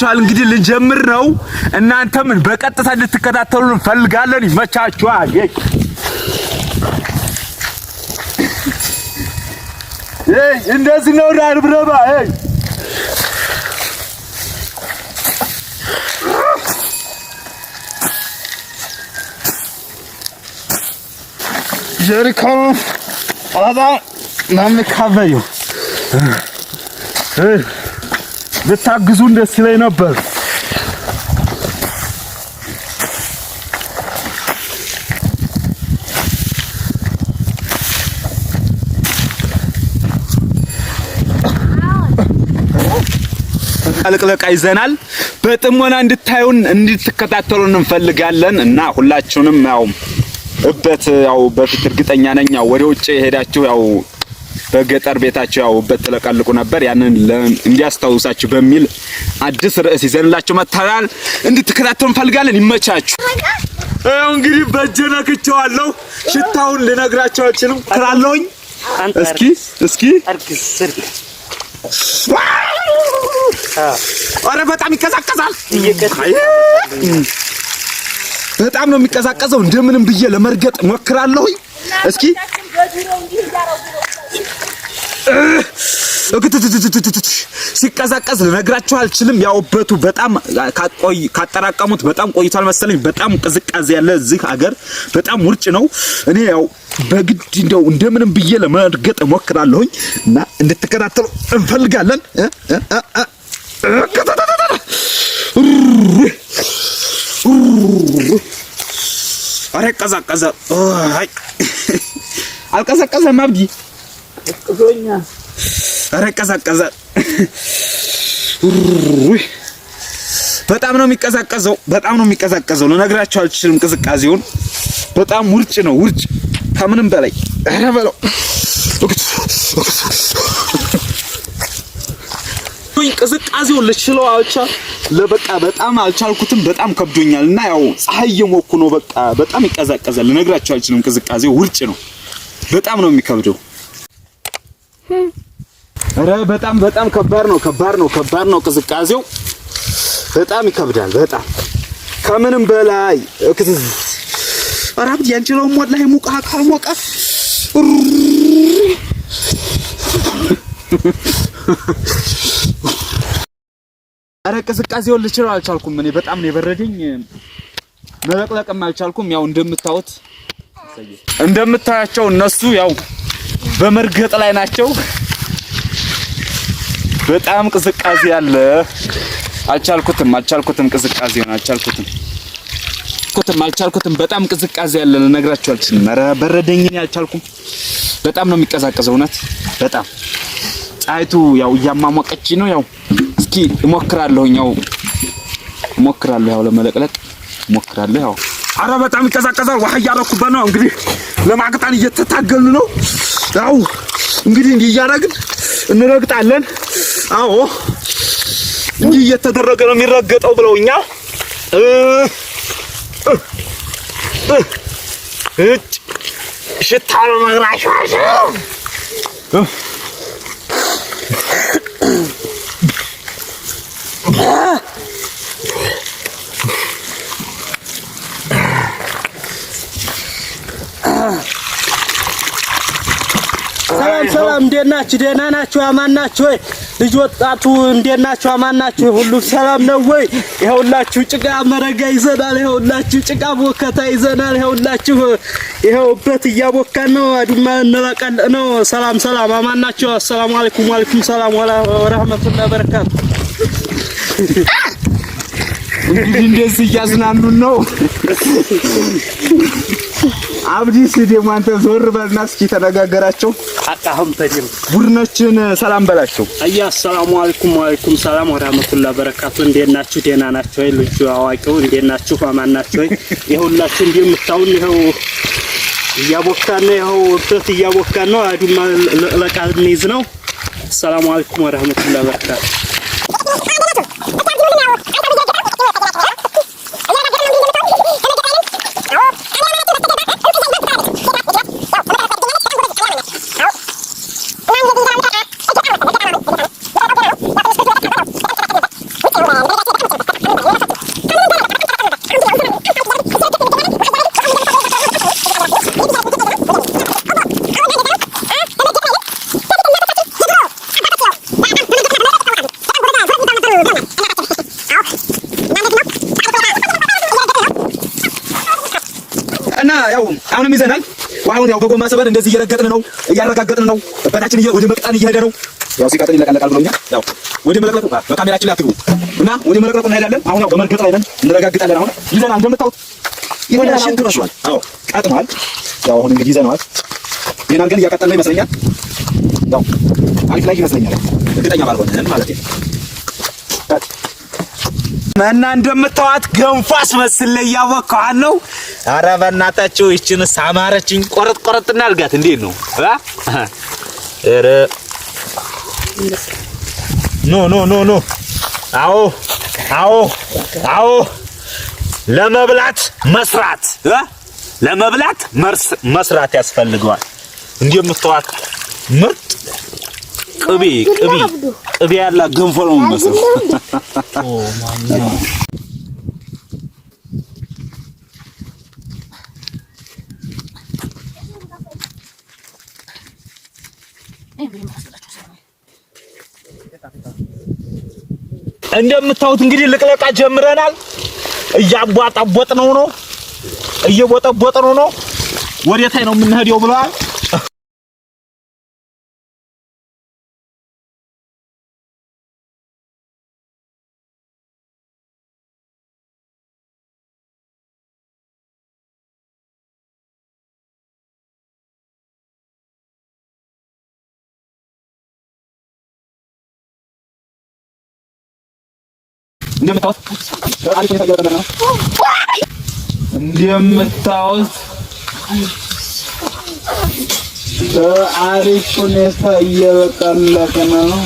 ቻል እንግዲህ ልንጀምር ነው። እናንተም በቀጥታ እንድትከታተሉ እንፈልጋለን። ይመቻችኋል። እንደዚህ ነው ዳርብረባ አባ ካበዩ ብታግዙን ደስ ይለኝ ነበር። ልቅለቃ ይዘናል። በጥሞና እንድታዩን እንድትከታተሉን እንፈልጋለን እና ሁላችሁንም ያው እበት ያው በፊት እርግጠኛ ነኝ ያው ወደ ውጭ ሄዳችሁ ያው በገጠር ቤታቸው ያው በት ነበር። ያንን እንዲያስታውሳችሁ በሚል አዲስ ርዕስ ይዘንላችሁ መጥተናል። እንድትከታተሉ እንፈልጋለን። ይመቻችሁ። ያው እንግዲህ አለው ሽታውን ልነግራቸው አልችልም። ትላለሁኝ እስኪ እስኪ አረ በጣም ይቀዛቀዛል። በጣም ነው የሚቀዛቀዘው። እንደምንም ብዬ ለመርገጥ ሞክራለሁኝ። እስኪ ሲቀዛቀዝ ልነግራችሁ አልችልም። ያውበቱ በጣም ካጠራቀሙት በጣም ቆይቷል መሰለኝ። በጣም ቅዝቃዜ ያለ እዚህ አገር በጣም ውርጭ ነው። እኔ ያው በግድ እንደው እንደምንም ብዬ ለመርገጥ እሞክራለሁኝ እና እንድትከታተሉ እንፈልጋለን። አረ ቀዛቀዘ። አልቀዘቀዘም አብዲ ቀዞኛል። ኧረ ይቀዛቀዛል። በጣም ነው የሚቀዛቀዘው። በጣም ነው የሚቀዛቀዘው። ልነግራቸው አልችልም። ቅዝቃዜውን በጣም ውርጭ ነው ውርጭ፣ ከምንም በላይ ኧረ በለው ቅዝቃዜው ልችለው አልቻል ለበቃ በጣም አልቻልኩትም። በጣም ከብዶኛል እና ያው ፀሐይ እየሞኩ ነው። በቃ በጣም ይቀዛቀዛል። ልነግራቸው አልችልም። ቅዝቃዜው ውርጭ ነው። በጣም ነው የሚከብደው። ኧረ በጣም በጣም ከባድ ነው፣ ከባድ ነው፣ ከባድ ነው። ቅዝቃዜው በጣም ይከብዳል። በጣም ከምንም በላይ እክትዝ አራብ ያንችለው ሞት ላይ ሙቃ ሞቃ አረ ቅዝቃዜውን ልችለው አልቻልኩም። እኔ በጣም ነው የበረደኝ፣ መለቅለቅም አልቻልኩም። ያው እንደምታዩት እንደምታያቸው እነሱ ያው በመርገጥ ላይ ናቸው። በጣም ቅዝቃዜ አለ። አልቻልኩትም፣ አልቻልኩትም፣ ቅዝቃዜ ነው፣ አልቻልኩትም አልቻልኩትም አልቻልኩትም። በጣም ቅዝቃዜ ያለ ልነግራችሁ አልችልም። ኧረ በረደኝ፣ አልቻልኩም። በጣም ነው የሚቀዛቀዘው፣ እውነት በጣም ፀሐይቱ ያው እያማሞቀች ነው። ያው እስኪ እሞክራለሁ፣ ያው እሞክራለሁ፣ ያው ለመለቅለቅ እሞክራለሁ። ያው ኧረ በጣም ይቀዛቀዛል። ዋህ እያደረኩበት ነው እንግዲህ ለማቅጣን እየተታገልን ነው። አው እንግዲህ እንዲህ እያደረግን እንረግጣለን። አዎ እንዲህ እየተደረገ ነው የሚረገጠው ብለውኛል። እጭ ሽታ ነው መግራሽ Ah ሰላም እንዴት ናችሁ? ደህና ናችሁ? አማን ናችሁ ወይ? ልጅ ወጣቱ እንዴት ናችሁ? አማን ናችሁ? ሁሉ ሰላም ነው ወይ? ይኸውላችሁ ጭቃ መረጋ ይዘናል። ይኸውላችሁ ጭቃ ቦከታ ይዘናል። ይኸውላችሁ ይኸውበት እያቦካን ነው። አዱማ እንላቀል ነው። ሰላም ሰላም፣ አማን ናችሁ? አሰላሙ አለይኩም ወአለይኩም ሰላም ወራህመቱላሂ ወበረካቱ። እንግዲህ እንደዚህ እያዝናኑን ነው አብዲ ደግሞ አንተ ዞር በልና እስኪ ተነጋገራቸው። አጣሁም ተዲም ቡድኖችን ሰላም በላቸው። አያ አሰላሙ አለይኩም ወአለይኩም ሰላም ወራህመቱላሂ በረካቱ። እንዴት ናችሁ? ደህና ናችሁ ወይ? ልጁ አዋቂው እንዴት ናችሁ? አማን ናችሁ ወይ? ይኸውላችሁ እንደምታውን ይኸው እያቦካን ነው። ይኸው እርጥት እያቦካን ነው። አዱማ ለቃ እንይዝ ነው። አሰላሙ አለይኩም ወራህመቱላሂ በረካቱ ይዘናል። ውሃውን ያው በጎማ ሰበን እንደዚህ እየረገጥን ነው እያረጋገጥን ነው። በናችን ወደ መቅጠን እየሄደ ነው። ያው ሲቀጥል ይለቀለቃል ብሎኛል። ያው ወደ መለቅለቁ በካሜራችን ላይ አትግቡ እና ወደ መለቅለቁ እንሄዳለን። አሁን ያው በመርገጥ ላይ ነን፣ እንረጋግጣለን። አሁን ይዘናል፣ እንደምታዩት ይሆናል። ሽንት መስሏል። አዎ ቀጥኗል። ያው አሁን እንግዲህ ይዘነዋል። ዜናን ግን እያቀጠልን ይመስለኛል። ያው አሪፍ ላይ ይመስለኛል፣ እርግጠኛ ባልሆነን ማለት ነው መና እንደምታዋት ገንፎ አስመስል ላይ እያቦካኋት ነው። ኧረ በእናታችሁ ይችን ሳማረችኝ። ቆረጥ ቆረጥ እናድርጋት። እንዴት ነው? ኧረ ኖ ኖ ኖ ኖ። አዎ አዎ አዎ። ለመብላት መስራት ለመብላት መስራት ያስፈልገዋል። እንደምታዋት ምርጥ ቅቤ ቅቤ ቅቤ ያላ ገንፎ ነው የሚመስለው። እንደምታዩት እንግዲህ ልቅለቃ ጀምረናል። እያቧጠቦጥ ነው ነው እየቦጠቦጥ ነው ነው ወዴታይ ነው የምንሄደው ብለዋል። እንደምታዩት አሪፍ ሁኔታ እየበቃለት ነው።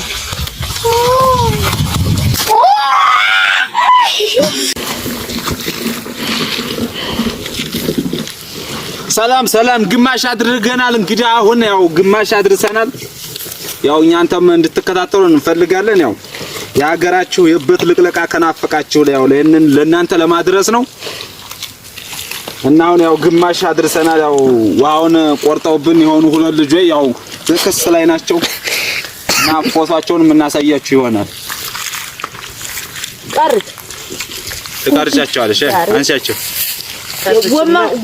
ሰላም ሰላም፣ ግማሽ አድርገናል። እንግዲህ አሁን ያው ግማሽ አድርሰናል። ያው እኛ እንድትከታተሉ እንፈልጋለን ያው የሀገራችሁ የበት ልቅለቃ ከናፈቃችሁ ያው ለእነን ለእናንተ ለማድረስ ነው እና አሁን ያው ግማሽ አድርሰናል። ያው ውሃውን ቆርጠውብን የሆኑ ሁለት ልጆች ያው በክስ ላይ ናቸው እና ፎቷቸውን የምናሳያችሁ ይሆናል። ቀርጥ ትቀርጫቸዋለሽ። አንሻቸው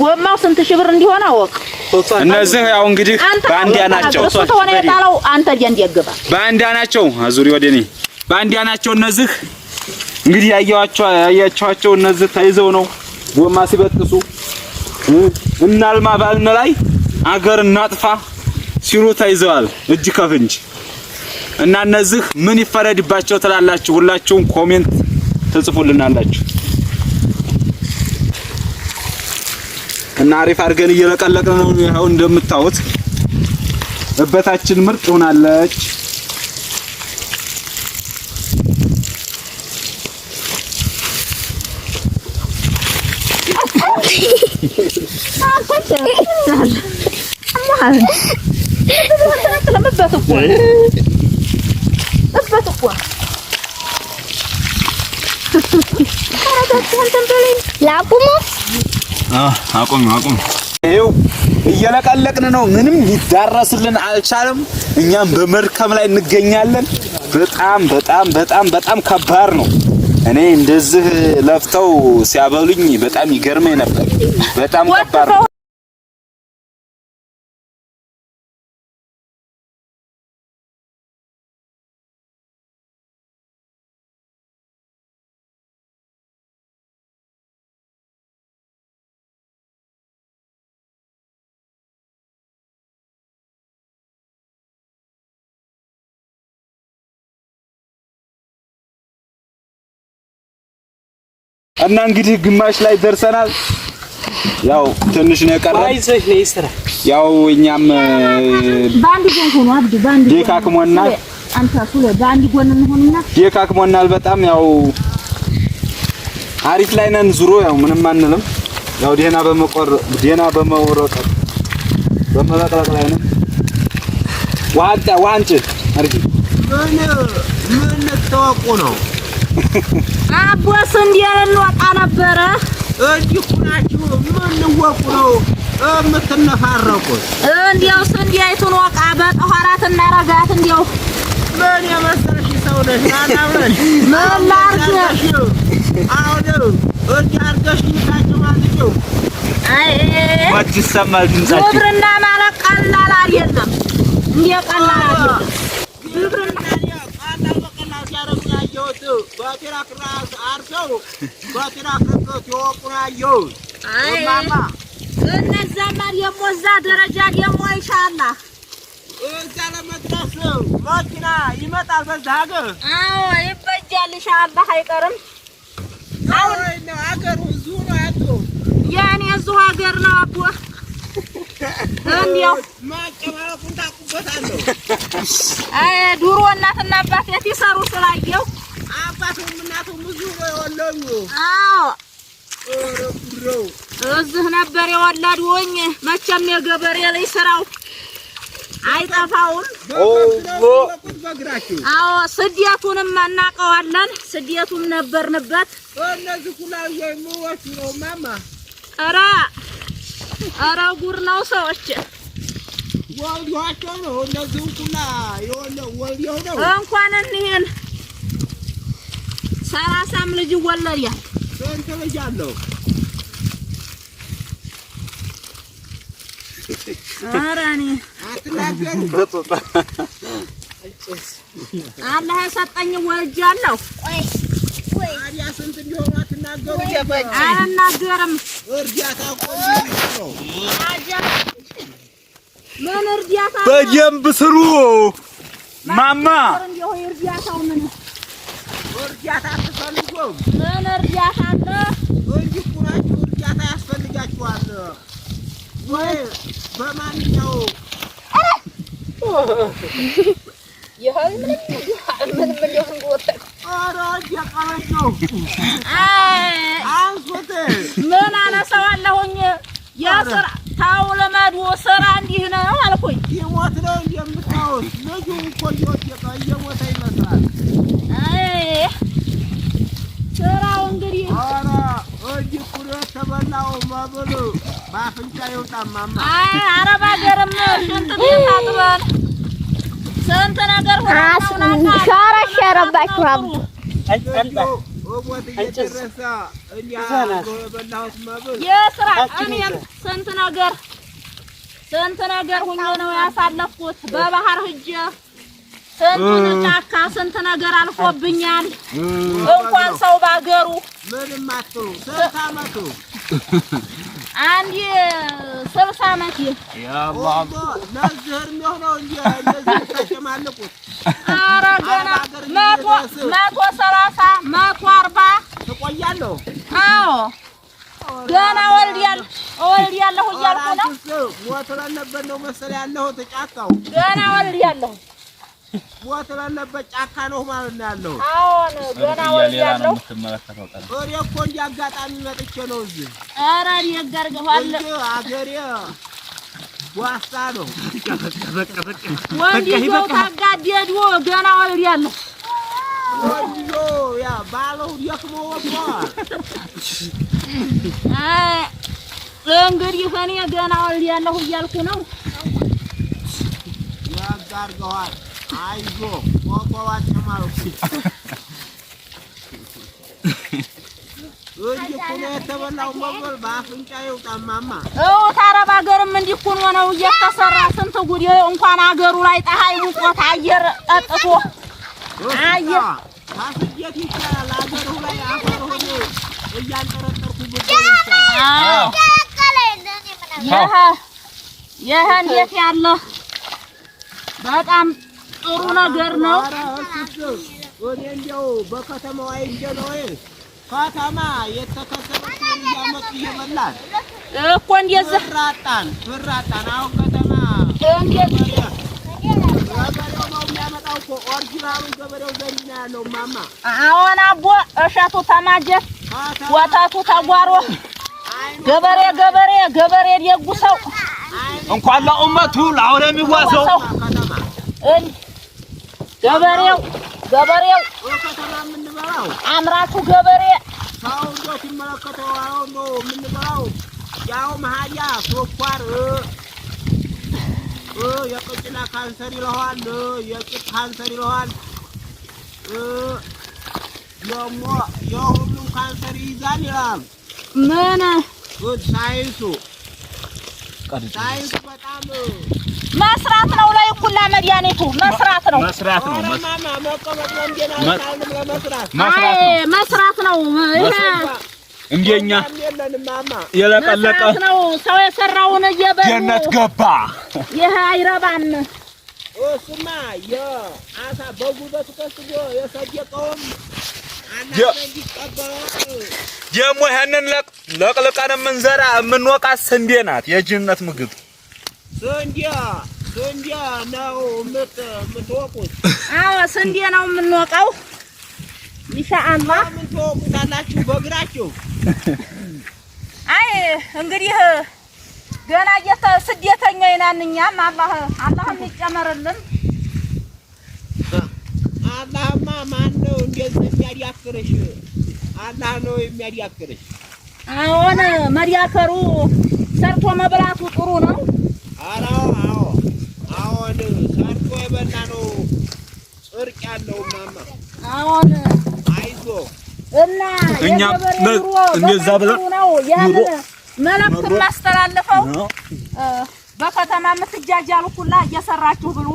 ጎማው ስንት ሺህ ብር እንዲሆነ አወቅ። እነዚህ ያው እንግዲህ ባንዲያ ናቸው። እሱ ተሆነ የጣለው አንተ ጀንድ ያገባ ባንዲያ ናቸው። አዙሪ ወደኔ ባንዲያ ናቸው እነዚህ እንግዲህ ያያቸዋቸው እነዚህ ተይዘው ነው ጎማ ሲበጥሱ እናልማ ባልን ላይ አገር እናጥፋ ሲሉ ተይዘዋል እጅ ከፍንጅ እና እነዚህ ምን ይፈረድባቸው ትላላችሁ? ሁላችሁም ኮሜንት ትጽፉልናላችሁ እና አሪፍ አድርገን እየለቀለቅን ነው። ይኸው እንደምታዩት እበታችን ምርጥ ሆናለች። ይኸው እየለቀለቅን ነው። ምንም ሊዳረስልን አልቻለም። እኛም በመድከም ላይ እንገኛለን። በጣም በጣም በጣም በጣም ከባድ ነው። እኔ እንደዚህ ለፍተው ሲያበሉኝ በጣም ይገርመኝ ነበር። በጣም ከባድ ነው። እና እንግዲህ ግማሽ ላይ ደርሰናል። ያው ትንሽ ነው የቀረን። አይዞሽ ነው ይስራ። ያው እኛም ባንድ ጎን ሆኖ አብዱ ባንድ ደካክሞናል። አንተ ሁሉ ባንድ ጎን እንሆንና ደካክሞናል በጣም ያው አሪፍ ላይ ነን። ዙሮ ያው ምንም አንልም። ያው ደህና በመቆር ደህና በመወረጥ በመለቅለቅ ላይ ነን። ዋንጫ ዋንጭ አሪፍ ምን ምን ተዋቁ ነው አቦስ እንዲያለ ወጣ ነበረ። እንዲሁ ናችሁ ምን ነው የምትነፋረቁት? እንዲያው ስንዴ አይቱን ወቃ በጠኋራት እናረጋት። እንዲያው ምን የመሰልሽ ሰው ነሽ? አናምነሽ ምን ላርግሽ? አሁንም እንዲህ አርገሽ ታጭማልሽው። አይ ይሰማል ድምጻችሁ ግብርና ማለት ቀላል አይደለም። እንዲህ ቀላል አይደለም። በትረክራስ አርሰው በትረክርክት የወቁን አየሁት። እነዛማ ደግሞ እዛ ደረጃ ደግሞ ይሻላል። እዛ ለመድረስ መኪና ይመጣል። በዛ ሀገር አዎ ይበጃል። ይሻላል አይቀርም። ሀገሩ እዚሁ ነው ያለው። የእኔ እዚሁ ሀገር ነው አቦ ድሮ እናትና አባቴ ሲሰሩ ስላየሁ አባቱም እናቱም ብዙ ነው የወለዱ። አዎ እዚህ ነበር የወለዱኝ። መቼም የገበሬ ላይ ስራው አይጠፋውም። አዎ ስደቱንም እናውቀዋለን። ስደቱም ነበርንበት። እነዚህ ሁላ የሚወቱ ነው ማማ። ኧረ ኧረ ጉር ነው ሰዎች ወልዷቸው ነው እነዚህ ሁላ የሆነ ነው እንኳን እኒህን ሰላሳም ልጅ ይወለዳል። ስንት ልጅ አለው? ኧረ እኔ አላህ የሰጠኝ ወልጃለሁ። ታዲያ አልናገርም። ምን እርዳታ? በደንብ ስሩ ማማ እርዳታ አትፈልጉም? ምን እርዳታ አለ? እንዲህ እርዳታ ያስፈልጋችኋል ወይ? በማንኛው ምን አነሳዋለሁኝ የስራ ስራ እንዲህ ነው አልኩኝ። ሞት ነው እንደምታወስ ልጁ እኮ እየሞተ ይመስላል። ስራው እንግዲህ ኧረ እጅ ኩሎ ተበላው መብሉ በአፍንጫ ይውጣማማ። አረብ ሀገርም ሽንት ቤት አጥበን ስንት ነገር ሸረሸረባችሁ። የስራ እኔም ስንት ነገር ስንት ነገር ሁሉ ነው ያሳለፍኩት። በባህር ህጀ ስንቱን ጫካ ስንት ነገር አልፎብኛል። እንኳን ሰው ባገሩ ምንም አትሉ ስንት አመቱ አንድ ስልሳ አመት ኧረ ገና መቶ ሰላሳ መቶ አርባ ትቆያለሁ። አዎ ገና ወልድ ያለሁ እያልኩ ነው። ሞት ለለበት ነው መሰለኝ ያለሁት ጫካው። ገና ወልድ ሞት ለለበት ጫካ ነው ማለት ነው ያለው አዎን ገና ወልድ እኔ እኮ እንደ አጋጣሚ መጥቼ ነው እዚህ። ኧረ እኔ ጋር አገሬ ጓሳ ነው። ወንድዬው ታጋደድ ገና ወልድ ያለሁ ያ ባለው ደክሞ ወጥቷል። እንግዲህ እኔ ገና ወልድ ወልዳለሁ እያልኩ ነው። ያጋርገዋል። አይዞህ የተበላው መጎል በአፍንጫ ሀገርም እንዲህ እኮ ነው እየተሰራ ስንት ጉድ እንኳን ሀገሩ ላይ ፀሐይ ሙቆት አየር ጠጥቶ አየር ይህ እንዴት ያለ በጣም ጥሩ ነገር ነው። እንዲያው በከተማዋ ከተማ የተከሰበትን እያመጡ እየበላን እኮ እንደዚያ ብር አጣን፣ ብር አጣን። አሁን ከተማ ገበሬው ነው የሚያመጣው እኮ ኦሪጂናሉን ገበሬው ዘንድ ነው ያለው። ማማ አሁን አቦ እሸቱ ተማጀት ወተቱ ተጓሮ ገበሬ ገበሬ ገበሬ ደጉ ሰው እንኳን ለኡመቱ ለአውሬ የሚዋሰው ገበሬው ገበሬው አምራቹ ገበሬ አሁን ነው ያው የቅጭላ ካንሰር ይለዋል፣ የቂጥ ካንሰር ይለዋል። ደግሞ የሁሉም ካንሰር ይይዛል ይላሉ። ምን ጉድ! ሳይንሱ ሳይንሱ በጣም መስራት ነው። ላይ ሁላ መድኃኒቱ መስራት ነው፣ መስራት ነው፣ መስራት ነው። ይሄ እንደኛ የለቀለቀ ነው። ሰው የሰራውን እየበሉ ገነት ገባ። ይሄ አይረባም። እሱማ የአሳ በጉልበቱ ከስጎ የሰየቀውም ደግሞ ያንን ለቅልቀን የምንዘራ የምንወቃት ስንዴ ናት። የጅነት ምግብ ስንዴ ነው የምትወቁት? አይ እንግዲህ ገና ስደተኛ ይናንኛም አላህ አላህ ይጨመርልን አላህማ ማን ነው እንደዚህ የሚያዳክርሽ? አላህ ነው የሚያዳክርሽ። አሁን መዳከሩ ሰርቶ መብላቱ ጥሩ ነው። ኧረ አዎ ሰርቶ የበላ ነው ጽድቅ ያለው ማማ። አዎን አይዞ እና እንደዛ ብላ ነው ያን መልዕክት የማስተላልፈው። በከተማ የምትጃጃሉ ሁላ እየሰራችሁ ብሉ።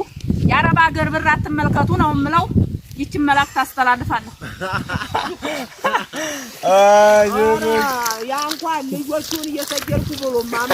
የአረብ ሀገር ብር አትመልከቱ ነው የምለው። ይችን መልዕክት አስተላልፋለሁ። ያ እንኳን ልጆቹን እየሰጀርኩ ብሎ ማማ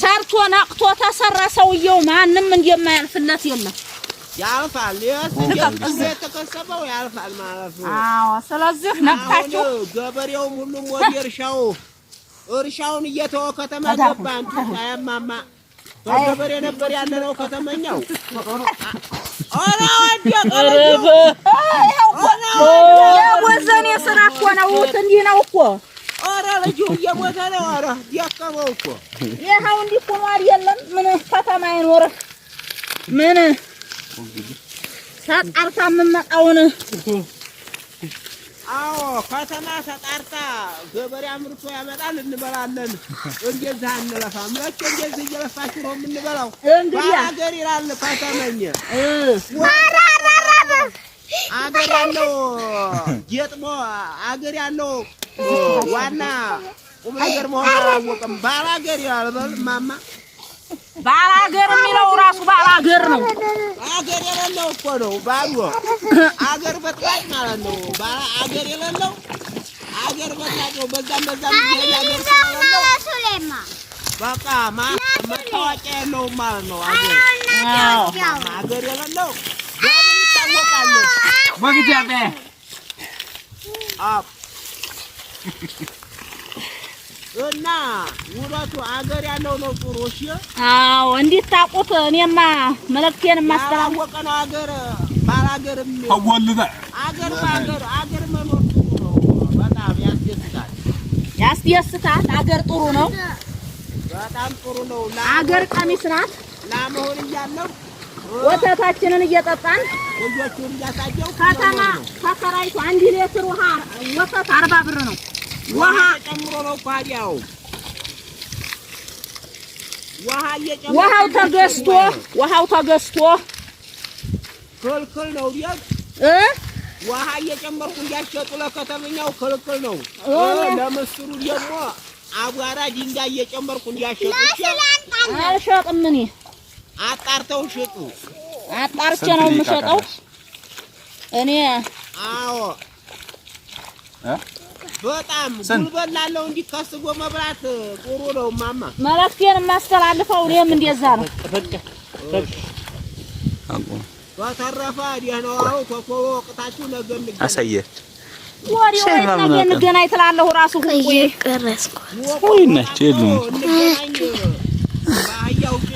ሰርቶ ነቅቶ ተሰራ ሰውየው። ማንም እንደማያልፍለት የለም። ያልፋል የተከሰበው ያልፋል ማለት ነው። ስለዚህ ነቅታችሁ ገበሬውም ሁሉም ወደ እርሻው እርሻውን እየተወ ከተማ ገባ። ነበር ከተመኛው ወዘኔ ስራ እኮ ነው። እንዲህ ነው እኮ ኧረ ልጁ እየሞተ ነው። እኮ ይኸው እንዲህ የለም ምን ከተማ አይኖርም። ምን ተጣርታ የምመጣውን አዎ ከተማ ተጣርታ ገበሬ አምርቶ ያመጣል እንበላለን። እንደዚህ አንለፋም። መቼ እንደዚህ እየለፋችሁ ነው የምንበላው? እንግዲህ ሀገር ይላል አገር ያለው ገጥሞ አገር ያለው ዋና ቁም ነገር መሆን አላወቅም። ባላገር ያልበል ማማ ባላገር የሚለው ራሱ ባላገር ነው። አገር የሌለው እኮ ነው ባሉ አገር በጥራጭ ማለት ነው። አገር የሌለው አገር በጥራጭ ነው። በዛም በዛም ይያገር በቃ ማ መታወቂያ የለውም ማለት ነው። አገር የሌለው બગીચા બે આપ እንዴት ታውቁት? እኔማ መለክቴን የማስተላወቅ ነው። አገር ባላገርም አገር ባገር አገር መኖር ጥሩ ነው። በጣም ያስደስታል፣ ያስደስታል። አገር ጥሩ ነው፣ በጣም ጥሩ ነው። አገር ቀሚስ ናት ለመሆን እያለሁ ወተታችንን እየጠጣን ከተማ ተከራይቶ አንድ ሌትር ውሃ ወተት አርባ ብር ነው። ውሃ ጨምሮ ነው ታዲያው ውሃው ተገዝቶ ውሃው ተገዝቶ ክልክል ነው እ ውሃ እየጨመርኩ እንዲያሸጡ ለከተመኛው ክልክል ነው። ለምስሩ ደግሞ አቧራ ድንጋይ እየጨመርኩ እንዲያሸጡ አልሸጥም እኔ አጣርተው ሽጡ። አጣርቼ ነው የምሸጠው እኔ። አዎ በጣም ጉልበት ላለው እንዲህ ከስጎ መብላት ጥሩ ነው። ማማ መልዕክቴን የማስተላልፈው እኔም እንደዛ ነው። በተረፈ ደህናው ኮኮቦ ወቅታችሁ ነገ አሳየህ ወዲህ እንገናኝ ትላለህ እራሱ ሁሉ